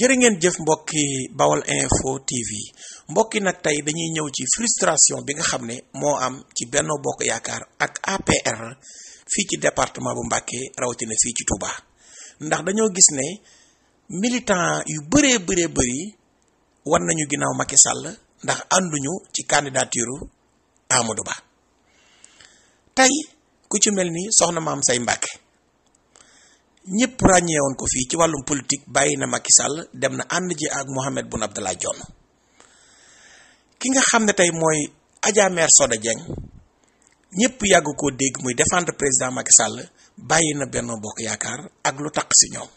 jërë ngeen jëf mbokki Bawal Info TV mbokki nag tey dañuy ñëw ci frustration bi nga xam ne moo am ci Benno Bokk Yaakaar ak APR fii ci département bu Mbacké rawatina fii ci Touba ndax dañoo gis ne militant yu bëree bëree bëri war nañu ginnaaw Macky Sall ndax ànduñu ci candidature Amadou Ba tey ku ci mel ni soxna am say Mbacké ñëpp ràññee ko fii ci wàllum politique bàyyi na Macky Sall dem na ànd ji ak Mohamed Boun Abdallah Dionne ki nga xam ne tey mooy Adja Mère Soda ñëpp yàgg koo dégg muy défendre président Macky Sall bàyyi na benn Bokk Yaakaar ak lu taq si ñoom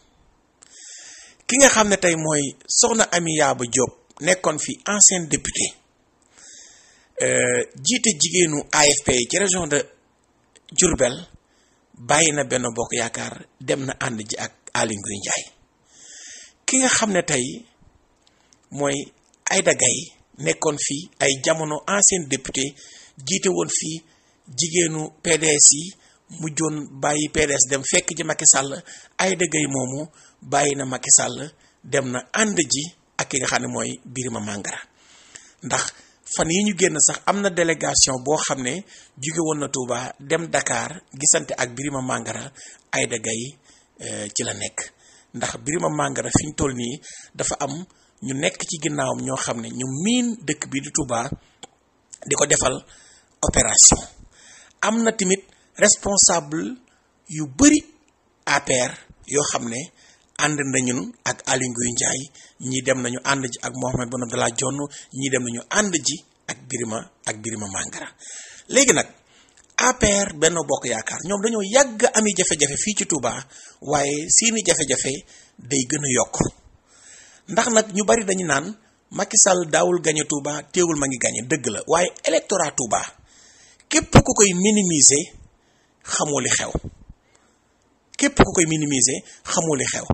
ki nga xam ne tey mooy soxna Ami Yaaba Diop nekkoon fi ancien député euh, jiite jigéenu AFP yi ci région de jurbel bàyyi na benn bokk yaakaar dem na ànd ji ak Aly Ngouille Ndiaye ki nga xam ne tey mooy Aïda Gaye nekkoon fii ay jamono ancien député jiite woon fii jigéenu PDS yi mujjoon bàyyi PDS dem fekk ji Macky Sall Aïda Gaye moomu bàyyi na Macky sàll dem na ànd ji ak ki nga xam ne mooy Birima Mangara ndax fan yi ñu génn sax am na délégation boo xam ne jóge woon na Touba dem dakaar gisante ak Birima Mangara Aïda Gaye euh, ci la nekk ndax Birima Mangara fi ñu toll nii dafa am ñu nekk ci ginnaawam ñoo xam ne ñu miin dëkk bi du Touba di ko defal opération am na tamit responsable yu bëri APR yoo xam ne ànd nañu ak Aly Ngouille ñii dem nañu ànd ji ak Mahammed Boun Abdallah Dionne ñii dem nañu ànd ji ak Birima ak Birima Mangara léegi nag APR benn Bokk Yaakaar ñoom dañoo yàgg ami jafe-jafe fii ci Touba waaye siini jafe-jafe day gën a yokk ndax nag ñu bari dañu naan Macky Sall daawul gañe Touba teewul ma ngi gañe dëgg la waaye électorat Touba képp ku koy minimiser xamoo li xew képp ko koy minimiser xamul li xew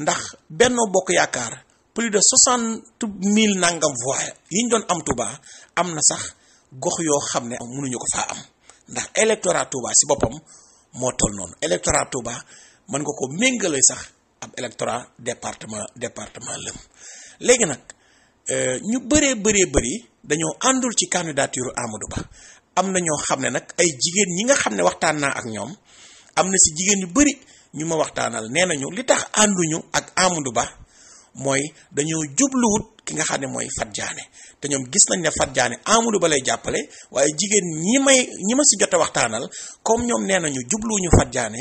ndax Benno Bokk Yaakaar plus de soixante mille nangam voix yi doon am Touba am na sax gox yoo xam ne mënuñu ko saa am ndax électorat Touba si boppam moo toll noonu électorat mën nga ko méngale sax ab électorat département département lëm léegi nag euh, ñu bëree bëree bëri dañoo àndul ci candidature Amadou Ba am na ñoo xam ne nag ay jigéen ñi nga xam ne waxtaan naa ak ñoom am na si jigéen yu bëri ñu ma waxtaanal nee nañu li tax ànduñu ak Amadou Ba mooy dañoo jubluwut ki nga xam ne mooy Fat Diané te ñoom gis nañ ne Fat Diané Amadou Ba lay jàppale waaye jigéen ñi may ñi ma si jot waxtaanal comme ñoom nee nañu jubluwuñu Fat Diané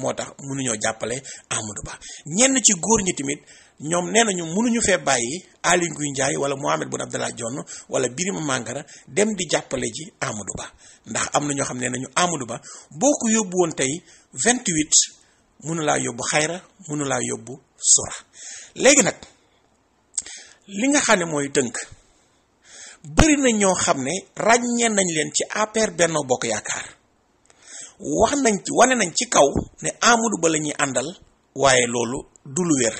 moo tax mënuñoo jàppale Amadou Ba ñenn ci góor ñi tamit ñoom nee nañu mënuñu fee bàyyi Aly guy Ndiaye wala Mohamed Boun Abdallah Dionne wala Birima Mangara dem di jàppale ji Amadou Ba ndax am na ñoo xam ne nañu Amadou Ba boo ko yóbbu woon tey 28 mënulaa yóbbu xayra laa yóbbu sura léegi nag li nga xam ne mooy tënk bëri na ñoo xam ne ràññee nañ leen ci APR Benno Bokk Yaakaar wax nañ ci wane nañ ci kaw ne Amadou Ba la ñuy àndal waaye loolu du lu wér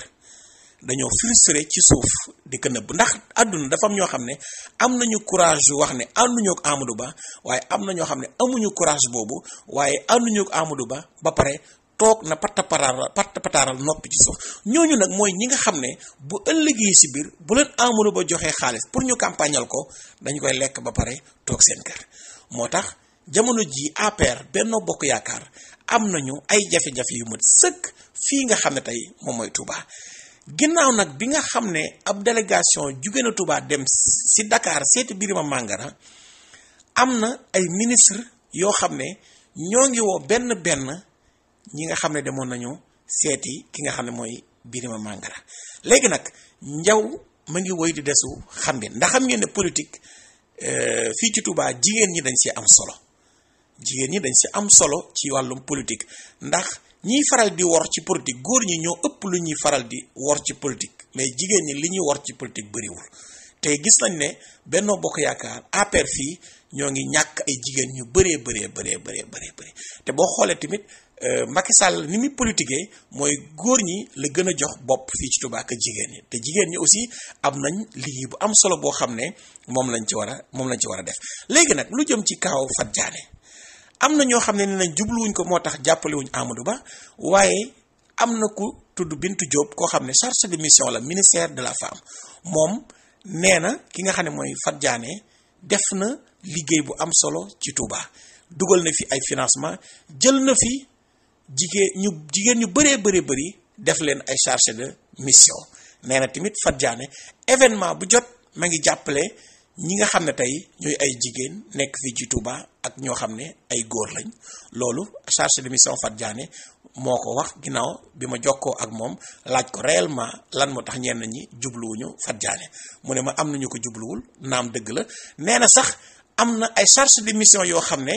dañoo frustré ci suuf di ko ndax àdduna dafa ñoo xam ne am nañu courage wax ne ànduñu ak Ba waaye am na ñoo xam ne amuñu courage boobu waaye ànduñu amulu Ba ba pare toog na patta pataaral patta pataaral noppi ci suuf ñooñu nag mooy ñi nga xam ne bu ëllëgee si biir bu leen amul ba joxee xaalis pour ñu campagnal ko dañu koy lekk ba pare toog seen kër moo tax jamono ji APR Benno Bokk Yaakaar am nañu ay jafe yu mët sëkk fii nga xam ne tey moom mooy Touba ginnaaw nag bi nga xam ne ab délégation jugéena tubaa dem si Dakar seeti Birima màngara am na ay ministre yoo xam ne ñoo ngi woo benn benn ñi nga xam ne demoon nañu seeti ki nga xam ne mooy Birima Mangara léegi nag njaw ma ngi woy di desu xam bi ndax xam ngeen ne politique euh, fii ci Touba jigéen ñi dañ si am solo jigéen ñi dañ si am solo ci wàllum politique ndax ñiy faral di wor ci politique góor ñi ñoo ëpp lu ñuy faral di wor ci politique mais jigéen ñi li ñuy wor ci politique bëriwul te gis nañ ne Benno Bokk Yaakaar APR fii ñoo ngi ñàkk ay jigéen ñu bëree bëree bëree bëree bëree te boo xoolee tamit Euh, Macky Sall ni muy politiqué mooy góor ñi la gën a jox bopp fii ci Touba ak jigéen ñi te jigéen ñi aussi am nañ liggéey bu am solo boo xam ne moom lañ ci war a moom lañ ci war a def léegi nag lu jëm ci kaaw Fat Diané am na ñoo xam ne ne jubluwuñ ko moo tax jàppalewuñ Amadou Ba waaye am na ku tudd Bintu Diop koo xam ne chargé de mission la ministère de la femme moom nee na ki nga xam ne mooy Fat Diané def na liggéey bu am solo ci tuubaa dugal na fi ay financement jël na fi jigéen ñu jigéen ñu bëree bëri bëri def leen ay chargé de mission nee na tamit Fat Diané événement bu jot ma ngi jàppale ñi nga xam ne tey ñooy ay jigéen nekk fii ci Touba ak ñoo xam ne ay góor lañ loolu chargé de mission Fat Diané moo ko wax ginnaaw bi ma jokkoo ak moom laaj ko réellement lan moo tax ñenn ñi jubluwuñu Fat Diané mu ne ma am nañu ko jubluwul naam dëgg la neena sax am na ay chargé de mission yoo xam ne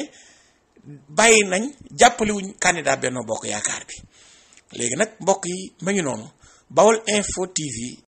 bàyyi nañ jàppalewuñ candidat Benno Bokk Yaakaar bi léegi nag mbokk yi ma ngi noonu Bawol Info TV